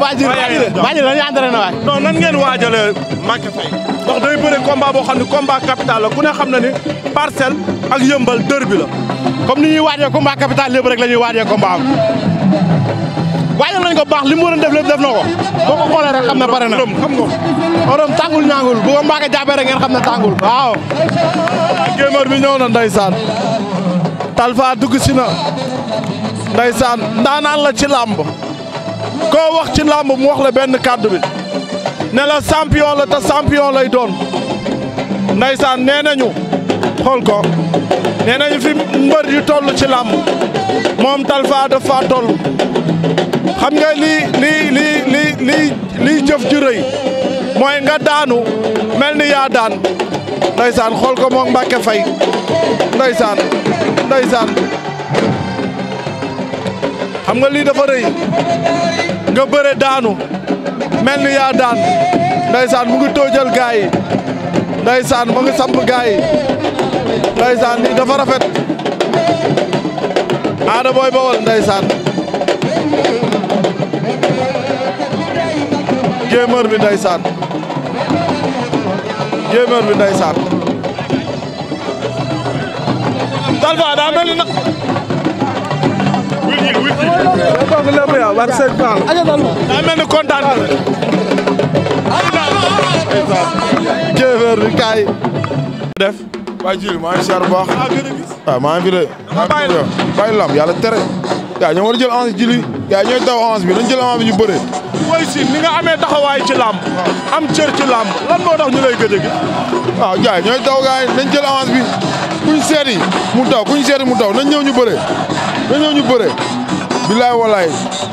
Bajir Bajir dañuy entraîné waay. non nan ngeen waajalee Maka Faye ndax day bëre combat boo xam ne combat capital la ku ne xam na ne parcelle ak yëmbal dër bi la. comme ni ñuy waajee combat capital lépp rek la ñuy waajee combat am waajal nañ ko baax li mu waroon def lépp def na ko boo ko xoolee rek xam na pare na xam nga orom tàngul koo wax ci làmb mu wax la benn kàddu bi ne la champion la te champion lay doon ndaysaan nee nañu xool ko nee nañu fi mbër yu toll ci làmb moom Talfa dafa toll xam nga lii lii lii lii lii jëf ju rëy mooy nga daanu mel ni yaa daan ndaysaan xool ko moom Mbàkke Fay ndaysaan ndaysaan xam nga lii dafa rëy nga bëre daanu mel ni yaa daan ndaysaan mu ngi tóojal gaa yi ndaysaan mu ngi samp gaa yi ndaysaan lii dafa rafet Ada Boy Baol ndaysaan jéemër bi ndaysaan jéemër bi ndaysaan talfa daa mel ni bari sëñ Fall. daa mel ni kontaan na. jéefeer bi kaay. def. waa Djily maa ngi siyaar ah, yàlla tere. yaa ñoo war a jël avance ñooy daw avance bi nañ jël avance bi ñu bëree. woy si ni nga amee taxawaay ci làmb. Ah. am cër ci làmb lan moo tax ñu lay gëj a ah, ñooy daw gaay nañ jël avance bi kuñ seeti mu daw kuñ seeti mu daw nañ ñëw ñu bëree. nañ bilaay walaay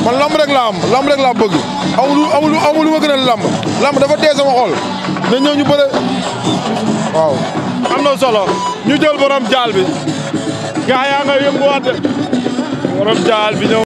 man lamb rek laa am lamb rek laa bëgg amul amul amul lu lamb lamb dafa dee sama na ñëw ñu bëre waaw. am na solo ñu jël borom jaal bi gaa yaa nga yënguwaat borom jaal bi ñëw.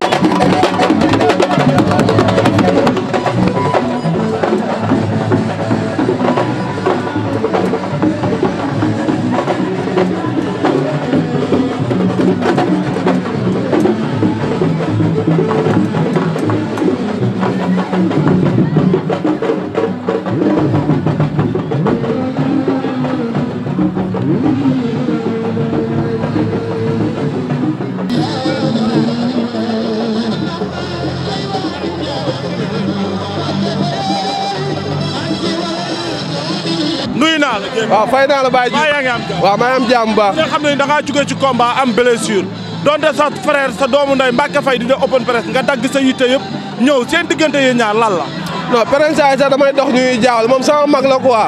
Final la jéem waaw fay naa la bàyyi ji nga ci combat am blessure sa frère sa doomu nday Mbacke Faye di open press nga dag sa yitte yëpp ñew seen diggante yéen ñaar lan la non prince saay sax damay dox ñuy jaawal mom sama mag la quoi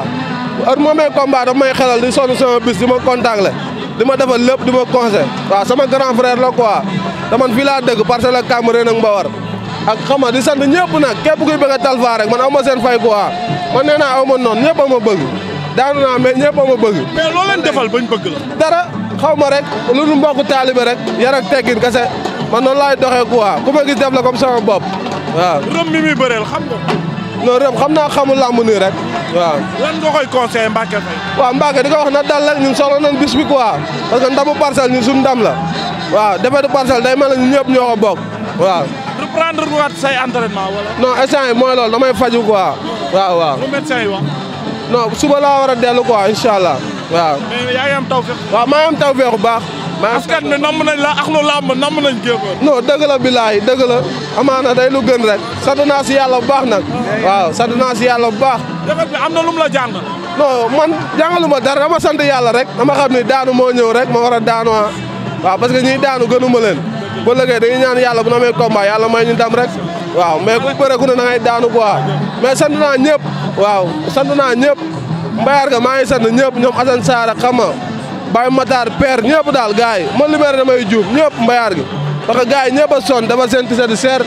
heure moomee combat daf may xelal di sonu sama bis di ma contact la di ma defal lepp di conseil wa sama grand frère la quoi taman fi la dëgg parce que la Cambérène ak Mbawar ak xama di sant ñepp nak képp kuy bëgg Talfa rek man aw seen fay quoi man néna naa non ñepp noonu bëgg daanu naa mais ñëpp a ma bëgg. mais loo leen defal bañ bëgg la. dara xaw ma rek lu dul mbokku taalibe rek yar ak teggin kese man noonu laay doxee quoi ku ma gis def la comme sama bopp waaw. rëm mi muy bëreel xam nga. non xam naa xamul làmb nii rek waa lan nga koy conseillé Mbacke Faye. waaw Mbacke di ko wax na dal rek ñun na nañ bis bi quoi parce que ndamu parcelle ñun suñu ndam la waaw defetu parcelle day mel ni ñëpp ñoo ko bokk waaw. reprendre waat say entraînement wala. non instant yii mooy loolu damay faju quoi waaw waaw. lu médecin yi wax. non suba laa war a dellu quoi incha allah waaw. mais waaw maa ngi am tawfeex bu baax. askan bi namm nañ la ak lu làmb namm nañ Guéweul non dëgg la billaahi dëgg la amaana day lu gën rek sant naa bu baax nag waaw sant naa yàlla bu baax defet bi am na lum la jàng non man jàngalu ma dara ama sant yàlla rek dama xam ne daanu moo ñëw rek ma war a daanu ah. waaw parce que ñuy daanu gënuma leen ba léegi dañuy ñaan yàlla bu na amee combat yàlla may ñu ndam rek waaw mais kuy bëre ku ne da ngay daanu quoi mais sant naa ñëpp waaw sant naa ñëpp mbayar ga maa ngi sant ñëpp ñoom Assane Sarr ak xam nga Baye Matar daal gars yi man li may damay juum ñëpp mbayar gi parce que gars yi ñëpp a sonn dafa seen tise di seer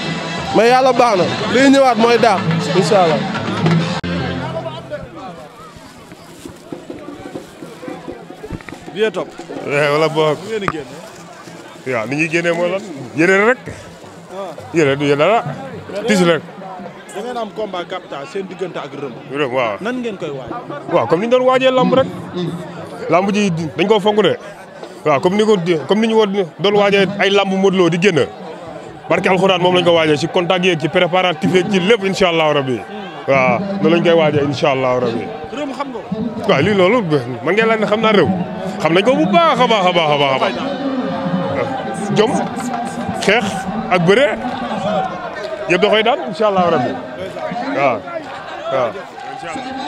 mais yàlla baax na ñëwaat mooy daax incha allah bien topp. Eh, wala boog. waaw ni ñuy tis rek. da ngeen am seen diggante ak rëm. rëm waaw nan ngeen koy waaj. waaw comme ni ñu doon waajee lamb rek. Mm. lamb ji dañ ko fonk de. waaw comme ni ko comme ni ñu woon doon waajee ay lamb Modou Lo di génn. barke alxuraan moom lañ ko waajee si contact yeeg ci préparatif yeeg ci lépp incha allahu rabi. Mm. waaw noonu lañ koy waajee incha allahu rabi. rëm xam nga ko. waaw loolu man ngeen laaj ne xam naa rëw. xam nañ ko bu baax a baax a a jom xeex ak bëre. yëpp da koy daan incha allah rabbi waaw waaw.